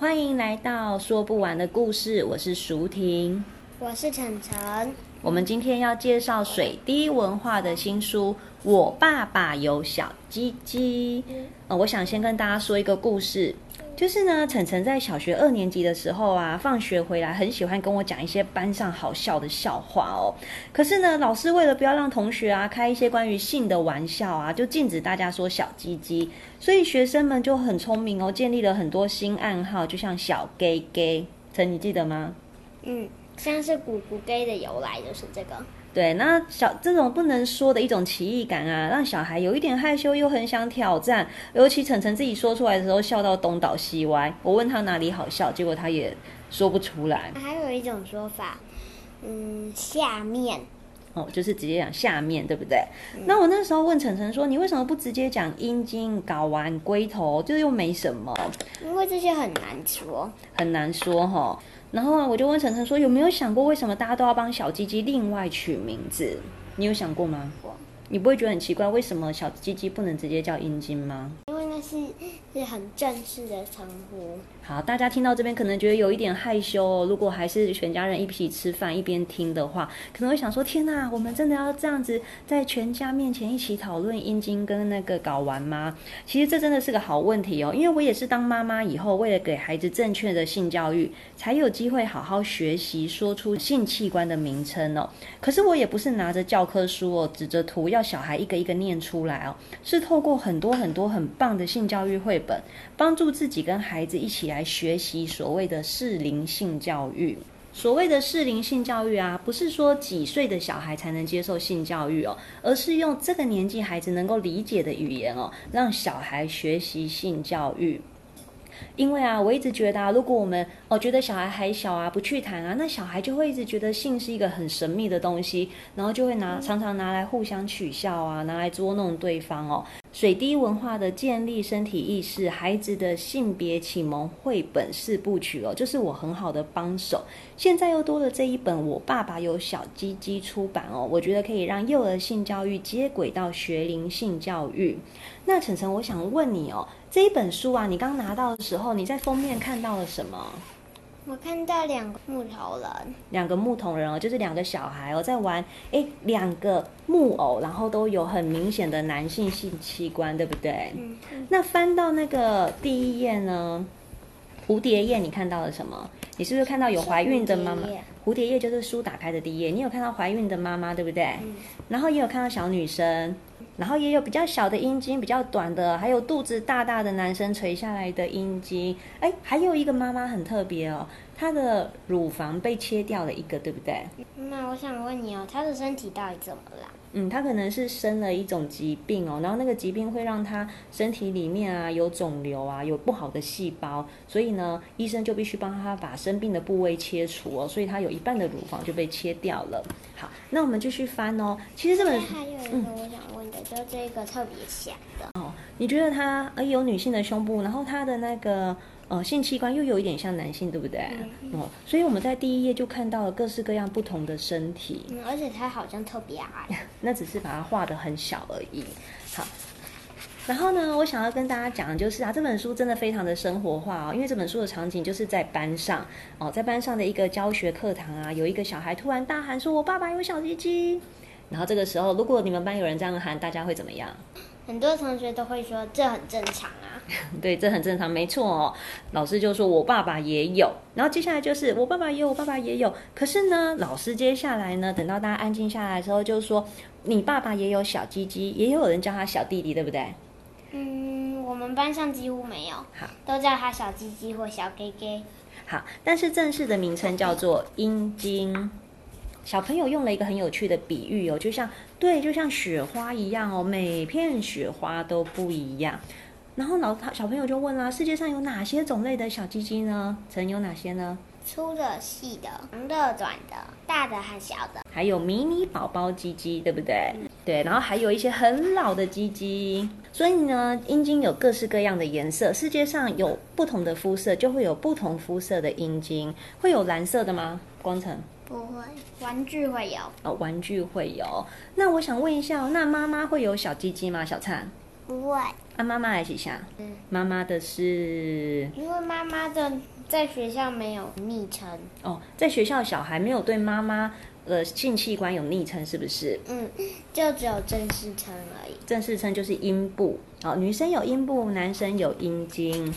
歡迎來到說不完的故事，我是淑婷，我是晨晨。我們今天要介紹水滴文化的新書《我爸爸有小雞雞》。呃、哦，我想先跟大家說一個故事。就是呢，晨晨在小學二年級的時候啊，放學回來很喜歡跟我講一些班上好笑的笑話哦。可是呢，老師為了不要讓同學啊開一些關於性的玩笑啊，就禁止大家說小雞雞，所以學生們就很聰明哦，建立了很多新暗號，就像小 gay gay，晨你記得嗎？嗯，像是古古 gay 的由來就是這個。對，那小這種不能說的一種奇異感啊，讓小孩有一點害羞，又很想挑戰。尤其晨晨自己說出來的時候，笑到東倒西歪。我問他哪裡好笑，結果他也說不出來。還有一種說法，嗯，下面哦，就是直接講下面，對不對？嗯、那我那時候問晨晨說，你為什麼不直接講陰莖、睾丸、龜頭，就是又沒什麼？因為這些很難說，很難說哈、哦。然後啊，我就問晨晨說，有沒有想過為什麼大家都要幫小雞雞另外取名字？你有想過嗎？你不會覺得很奇怪，為什麼小雞雞不能直接叫陰莖嗎？是很正式的稱呼。好，大家聽到這邊可能覺得有一點害羞哦。如果還是全家人一起吃飯一邊聽的話，可能會想說：天哪，我們真的要這樣子在全家面前一起討論陰莖跟那個睾丸嗎？其實這真的是個好問題哦，因為我也是當媽媽以後，為了給孩子正確的性教育，才有機會好好學習說出性器官的名稱哦。可是我也不是拿着教科書哦，指着圖要小孩一個一個念出來哦，是透過很多很多很棒的性教育會。本幫助自己跟孩子一起來學習所謂的適齡性教育。所謂的適齡性教育啊，不是說幾歲的小孩才能接受性教育哦，而是用這個年紀孩子能夠理解的語言哦，讓小孩學習性教育。因為啊，我一直覺得啊，如果我們哦覺得小孩還小啊，不去談啊，那小孩就會一直覺得性是一個很神秘的東西，然後就會拿常常拿來互相取笑啊，拿來捉弄對方哦。水滴文化的建立身體意識孩子的性別啟蒙繪本四部曲哦，就是我很好的幫手。現在又多了這一本，我爸爸有小雞雞出版哦，我覺得可以讓幼兒性教育接軌到學齡性教育。那晨晨，我想問你哦。這一本書啊，你剛拿到的時候，你在封面看到了什麼？我看到兩個木頭人，兩個木頭人哦，就是兩個小孩哦，在玩。哎，兩個木偶，然後都有很明顯的男性性器官，對不對？嗯。嗯，那翻到那個第一頁呢？蝴蝶頁，你看到了什麼？你是不是看到有懷孕的媽媽？蝴蝶，蝴蝶頁就是書打開的第一頁，你有看到懷孕的媽媽，對不對？嗯。然後也有看到小女生。然後也有比較小的陰莖，比較短的，還有肚子大大的男生垂下來的陰莖。哎，還有一個媽媽很特別哦，她的乳房被切掉了一個，對不對？那我想問你哦，她的身體到底怎麼了？嗯，她可能是生了一種疾病哦，然後那個疾病會讓她身體裡面啊有腫瘤啊，有不好的細胞，所以呢，醫生就必須幫她把生病的部位切除哦，所以她有一半的乳房就被切掉了。好，那我們繼續翻哦。其實這本書還有一個我想問。嗯這個特別小的哦，你覺得它，呃、欸、有女性的胸部，然後它的那個呃性器官又有一點像男性，對不對？嗯、哼哦，所以我們在第一頁就看到了各式各樣不同的身體，嗯，而且它好像特別矮， 那只是把它畫得很小而已。好，然後呢，我想要跟大家講就是啊，這本書真的非常的生活化哦，因為這本書的場景就是在班上哦，在班上的一個教學課堂啊，有一個小孩突然大喊說：“我爸爸有小雞雞。”然後這個時候，如果你們班有人這樣喊，大家會怎麼樣？很多同學都會說，這很正常啊。 對，這很正常，沒錯哦。老師就說，我爸爸也有，然後接下來就是我爸爸也有，我爸爸也有。可是呢，老師接下來呢，等到大家安靜下來的時候，就說，你爸爸也有小雞雞，也有人叫他小弟弟，對不對？嗯，我們班上幾乎沒有，好，都叫他小雞雞或小給給。好，但是正式的名稱叫做陰莖。 小朋友用了一個很有趣的比喻哦，就像對，就像雪花一樣哦，每片雪花都不一樣。然後老他小朋友就問啦，世界上有哪些種類的小雞雞呢？曾有哪些呢？粗的、細的、長的、短的、大的和小的，還有迷你寶寶雞雞，對不對？嗯、對，然後還有一些很老的雞雞。所以呢，陰莖有各式各樣的顏色。世界上有不同的膚色，就會有不同膚色的陰莖。會有藍色的嗎？光晨？不會，玩具會有。哦，玩具會有。那我想問一下、哦，那媽媽會有小雞雞嗎？小燦？不會。那、啊、媽媽來一下。嗯，媽媽的是。因為媽媽的。在學校沒有昵稱哦，在學校的小孩沒有對媽媽的性器官有昵稱，是不是？嗯，就只有正式稱而已。正式稱就是陰部，哦，女生有陰部，男生有陰莖，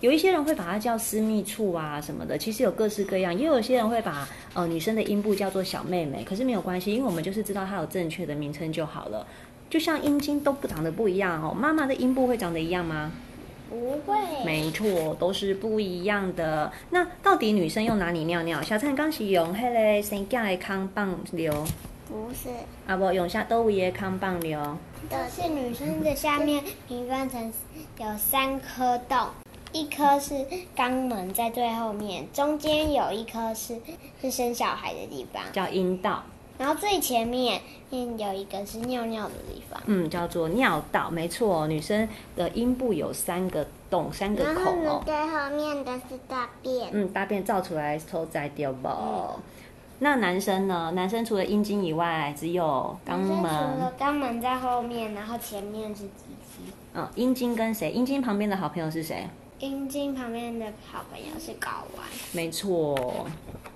有一些人會把它叫私密處啊什麼的，其實有各式各樣，也有些人會把呃女生的陰部叫做小妹妹，可是沒有關係，因為我們就是知道它有正確的名稱就好了。就像陰莖都不長得不一樣哦，媽媽的陰部會長得一樣嗎？不會，沒錯，都是不一樣的。那到底女生用哪裡尿尿？小燦剛是用黑嘞，是叫內康棒流？不是。啊不，用下豆位的康棒流的是女生的下面， 平分成有三顆洞，一顆是肛門在最後面，中間有一顆是是生小孩的地方，叫陰道。然後最前面，面有一個是尿尿的地方，嗯，叫做尿道，沒錯。女生的陰部有三個洞，三個孔哦。後最後面的是大便，嗯，大便造出來偷摘掉吧。嗯、那男生呢？男生除了陰莖以外，只有肛門。除了肛門在後面，然後前面是雞雞。嗯，陰莖跟誰？陰莖旁邊的好朋友是誰？陰莖旁邊的好朋友是睾丸，沒錯。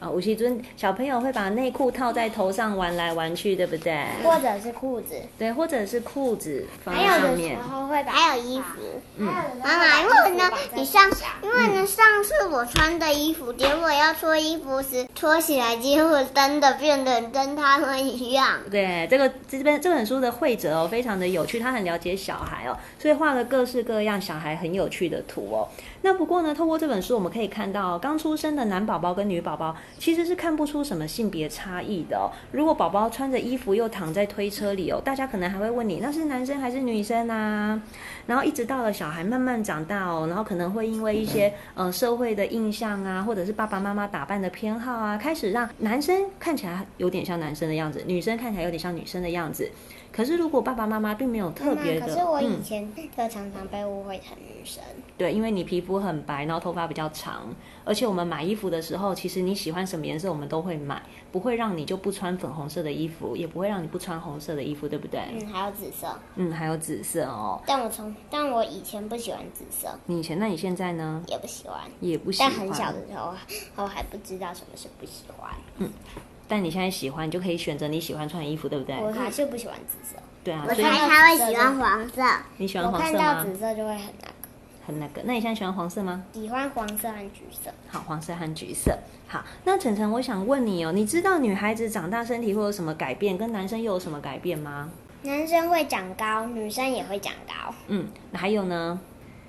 啊，吳熙尊小朋友會把內褲套在頭上玩來玩去，對不對？或者是褲子。對，或者是褲子面。還有的時候會把，還有衣服。嗯，媽媽，嗯、因為呢，你上，因為呢，上，為呢上次我穿的衣服，結果、嗯、要脫衣服時，脫起來結果真的變得跟他們一樣。對，這個這邊這本書的繪者哦，非常的有趣，他很了解小孩哦，所以畫了各式各樣小孩很有趣的圖哦。那不過呢，透過這本書我們可以看到哦，剛出生的男寶寶跟女寶寶其實是看不出什麼性別差異的哦。如果寶寶穿着衣服又躺在推車裡哦，大家可能還會問你那是男生還是女生啊？然後一直到了小孩慢慢長大哦，然後可能會因為一些，嗯，呃社會的印象啊，或者是爸爸媽媽打扮的偏好啊，開始讓男生看起來有點像男生的樣子，女生看起來有點像女生的樣子。可是如果爸爸媽媽並沒有特別的，媽媽，可是我以前就常常被誤會成女生。嗯。對，因為你皮膚。我很白，然後頭髮比較長，而且我們買衣服的時候，其實你喜歡什麼顏色，我們都會買，不會讓你就不穿粉紅色的衣服，也不會讓你不穿紅色的衣服，對不對？嗯，還有紫色。嗯，還有紫色哦。但我從，但我以前不喜歡紫色，你以前？那你現在呢？也不喜歡，也不喜歡。但很小的時候，我還不知道什麼是不喜歡。嗯，但你現在喜歡，你就可以選擇你喜歡穿的衣服，對不對？我還是不喜歡紫色。對啊，我猜他還會喜歡黃色。對對，你喜歡黃色嗎？我看到紫色就會很。那個，那你現在喜歡黃色嗎？喜歡黃色和橘色。好，黃色和橘色。好，那晨晨，我想問你哦，你知道女孩子長大身體會有什麼改變，跟男生又有什麼改變嗎？男生會長高，女生也會長高。嗯，還有呢？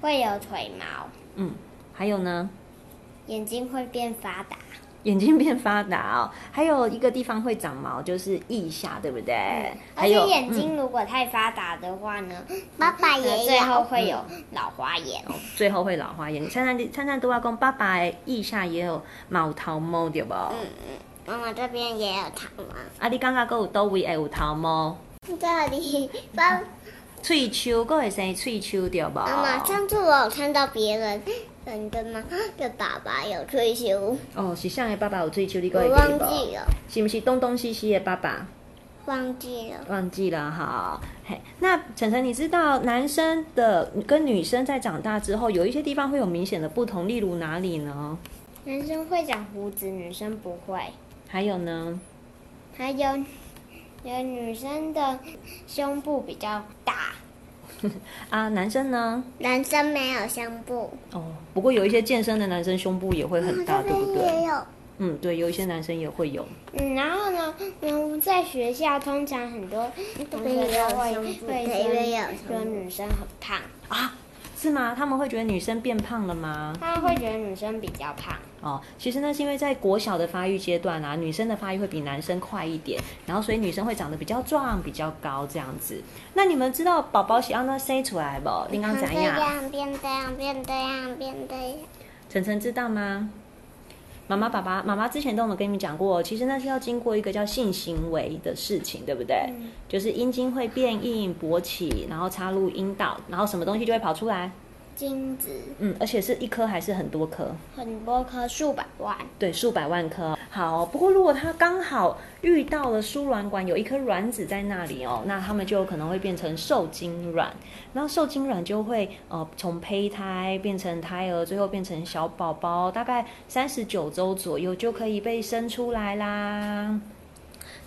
會有腿毛。嗯，還有呢？眼睛會變發達。眼睛變發達哦、喔，還有一個地方會長毛，就是腋下，對不對？嗯、而且眼睛如果太發達的話呢，嗯、爸爸也最後會有老花眼，喔。嗯、最後會老花眼。你參參參參讀阿公爸爸腋下也有，也有頭毛頭毛對不？嗯嗯。媽媽這邊也有頭毛。啊，你剛剛還有多位會有頭毛？這裡，爸。喙鬚、嗯，佫會生喙鬚對不？媽媽上次我有看到別人。真的嗎？爸爸有退休哦？是上的爸爸有退休？你給我記一下。忘記了。是不，是東東西西的爸爸？忘記了。忘記了，好。嘿，那晨晨，你知道男生的跟女生在長大之後，有一些地方會有明顯的不同，例如哪裡呢？男生會長鬍子，女生不會。還有呢？還有，有女生的胸部比較大。啊，男生呢？男生沒有胸部哦，不過有一些健身的男生胸部也會很大，嗯、對不對？也有嗯，對，有一些男生也會有。嗯，然後呢？嗯，在學校通常很多同學會會有，說、嗯、女生很胖啊？是嗎？他們會覺得女生變胖了嗎？他們會覺得女生比較胖。哦，其實那是因為在國小的發育階段啊，女生的發育會比男生快一點，然後所以女生會長得比較壯、比較高這樣子。那你們知道寶寶想要那生出來不？變、嗯、這樣，變這樣，變這樣，變這樣。樣晨晨知道嗎？媽媽、爸爸、媽媽之前都沒有跟你們講過，其實那是要經過一個叫性行為的事情，對不對？嗯、就是陰莖會變硬勃起，然後插入陰道，然後什麼東西就會跑出來。精子，嗯，而且是一顆還是很多顆？很多顆，數百萬。對，數百萬顆。好，不過如果他剛好遇到了輸卵管，有一顆卵子在那裡哦，那他們就可能會變成受精卵，然後受精卵就會呃從胚胎變成胎兒，最後變成小寶寶，大概三十九周左右就可以被生出來啦。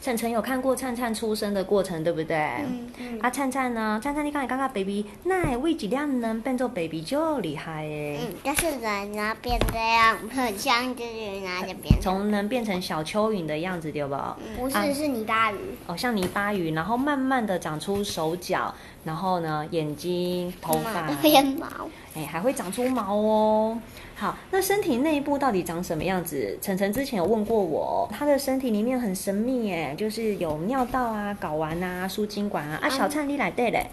晨晨有看過燦燦出生的過程，對不對？嗯嗯。阿、嗯啊、燦燦呢？燦燦，你剛你剛剛，baby 那會幾樣呢？變做 baby 就厲害耶、欸。嗯，但、就是人呢、啊、變這樣很像蚯蚓啊，就變。從能變成小蚯蚓的樣子，對吧？不、嗯啊、是，是泥巴魚。哦，像泥巴魚，然後慢慢的長出手腳，然後呢，眼睛、頭髮、眉毛，哎，還會長出毛哦。好，那身體內部到底長什麼樣子？晨晨之前有問過我，他的身體裡面很神秘耶，就是有尿道啊、睾丸啊、輸精管啊，啊，小燦你來對嘞，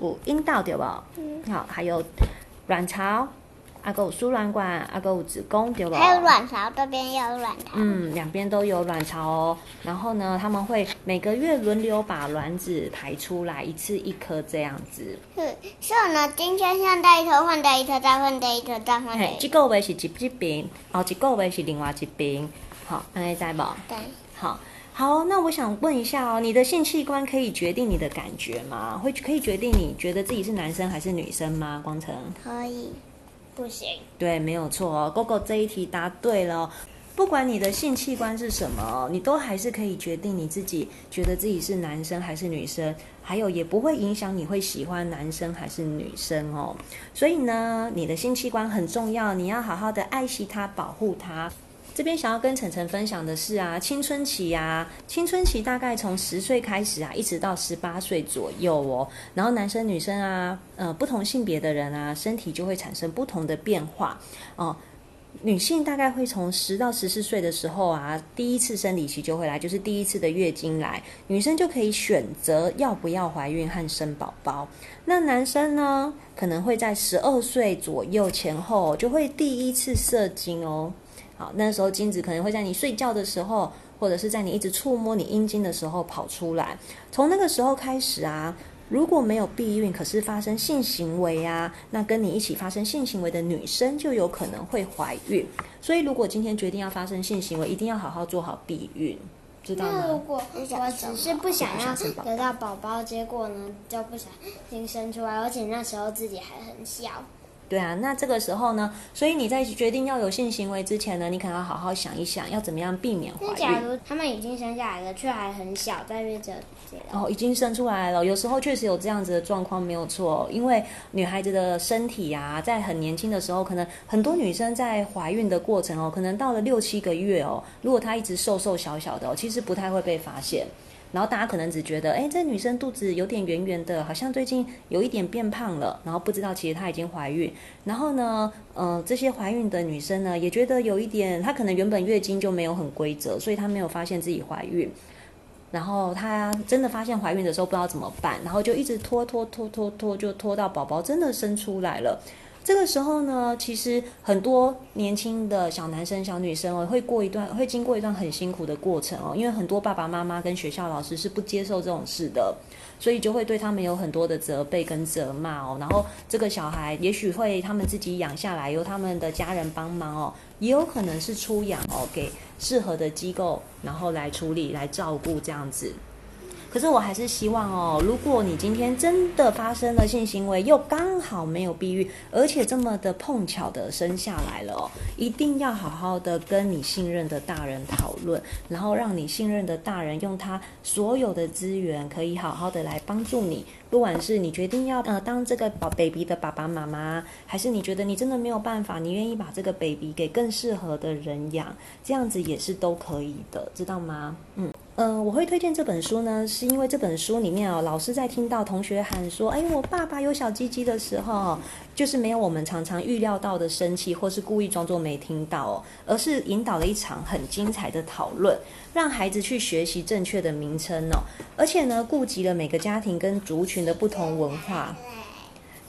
有陰道對吧？嗯，好，還有卵巢。啊，還有輸卵管，阿、啊、還有子宮丟了，還有卵巢，這邊也有卵巢。嗯，兩邊都有卵巢哦。然後呢，他們會每個月輪流把卵子排出來，一次一顆這樣子。是，所以呢，今天先帶一頭，換掉一頭，再換掉一頭，再換掉。一這個位是一邊，哦，這個位是另外一邊。好，還在不？對。好，好，那我想問一下哦，你的性器官可以決定你的感覺嗎？會可以決定你覺得自己是男生還是女生嗎？光成？可以。不行，對，沒有錯哦。gogo 這一題答對了，不管你的性器官是什麼，你都還是可以決定你自己覺得自己是男生還是女生，還有也不會影響你會喜歡男生還是女生哦。所以呢，你的性器官很重要，你要好好的愛惜它，保護它。這邊想要跟晨晨分享的是啊，青春期啊，青春期大概從十歲開始啊，一直到十八歲左右哦。然後男生女生啊，呃，不同性別的人啊，身體就會產生不同的變化哦，呃，女性大概會從十到十四歲的時候啊，第一次生理期就會來，就是第一次的月經來。女生就可以選擇要不要懷孕和生寶寶。那男生呢，可能會在十二歲左右前後就會第一次射精哦。好，那時候精子可能會在你睡覺的時候，或者是在你一直觸摸你陰莖的時候跑出來。從那個時候開始啊，如果沒有避孕，可是發生性行為啊，那跟你一起發生性行為的女生就有可能會懷孕。所以，如果今天決定要發生性行為，一定要好好做好避孕，知道嗎？那如果我只是不想要得到寶寶，結果呢就不小心生出來，而且那時候自己還很小。對啊，那這個時候呢？所以你在決定要有性行為之前呢，你可能要好好想一想，要怎麼樣避免懷孕。假如他們已經生下來了，卻還很小，在月子期哦，已經生出來了。有時候確實有這樣子的狀況，沒有錯哦。因為女孩子的身體啊，在很年輕的時候，可能很多女生在懷孕的過程哦，可能到了六七個月哦，如果她一直瘦瘦小小的哦，其實不太會被發現。然後大家可能只覺得，哎，這女生肚子有點圓圓的，好像最近有一點變胖了。然後不知道其實她已經懷孕。然後呢，呃，這些懷孕的女生呢，也覺得有一點，她可能原本月經就沒有很規則，所以她沒有發現自己懷孕。然後她真的發現懷孕的時候不知道怎麼辦，然後就一直拖拖拖拖拖，就拖到寶寶真的生出來了。這個時候呢，其實很多年輕的小男生、小女生哦，會過一段，會經過一段很辛苦的過程哦，因為很多爸爸媽媽跟學校老師是不接受這種事的，所以就會對他們有很多的責備跟責罵哦。然後這個小孩也許會他們自己養下來，由他們的家人幫忙哦，也有可能是出養哦，給適合的機構，然後來處理、來照顧這樣子。可是我還是希望哦，如果你今天真的發生了性行為，又剛好沒有避孕，而且這麼的碰巧的生下來了哦，一定要好好的跟你信任的大人討論，然後讓你信任的大人用他所有的資源，可以好好的來幫助你。不管是你決定要呃當這個寶寶 baby 的爸爸媽媽，還是你覺得你真的沒有辦法，你願意把這個 baby 給更適合的人養，這樣子也是都可以的，知道嗎？嗯。嗯，我會推薦這本書呢，是因為這本書裡面哦，老師在聽到同學喊說“哎，我爸爸有小雞雞”的時候，就是沒有我們常常預料到的生氣或是故意裝作沒聽到哦，而是引導了一場很精彩的討論，讓孩子去學習正確的名稱哦，而且呢，顧及了每個家庭跟族群的不同文化。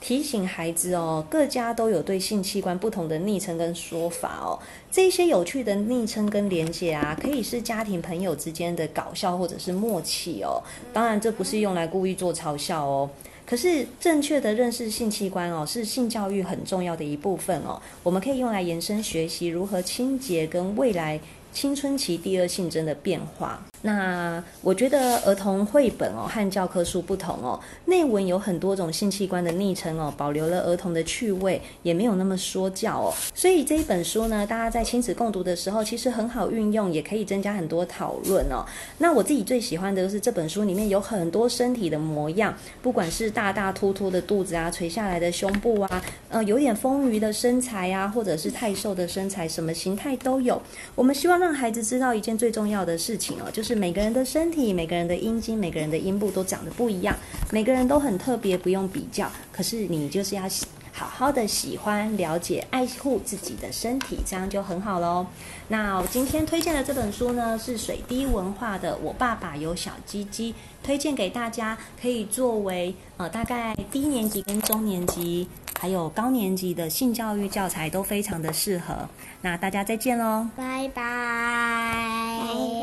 提醒孩子哦，各家都有對性器官不同的昵稱跟說法哦。這些有趣的昵稱跟連結啊，可以是家庭朋友之間的搞笑或者是默契哦。當然，這不是用來故意做嘲笑哦。可是正確的認識性器官哦，是性教育很重要的一部分哦。我們可以用來延伸學習如何清潔跟未來青春期第二性徵的變化。那我覺得兒童繪本哦，和教科書不同哦，內文有很多種性器官的昵稱哦，保留了兒童的趣味，也沒有那麼說教哦。所以這一本書呢，大家在親子共讀的時候，其實很好運用，也可以增加很多討論哦。那我自己最喜歡的就是這本書裡面有很多身體的模樣，不管是大大凸凸的肚子啊，垂下來的胸部啊，呃，有點豐腴的身材啊，或者是太瘦的身材，什麼形態都有。我們希望讓孩子知道一件最重要的事情哦，就是。是每個人的身體、每個人的陰莖、每個人的陰部都長得不一樣，每個人都很特別，不用比較。可是你就是要好好的喜歡、了解、愛護自己的身體，這樣就很好嘍。那我今天推薦的這本書呢，是水滴文化的《我爸爸有小雞雞》，推薦給大家，可以作為呃大概低年級、跟中年級還有高年級的性教育教材都非常的適合。那大家再見嘍，拜拜。嗯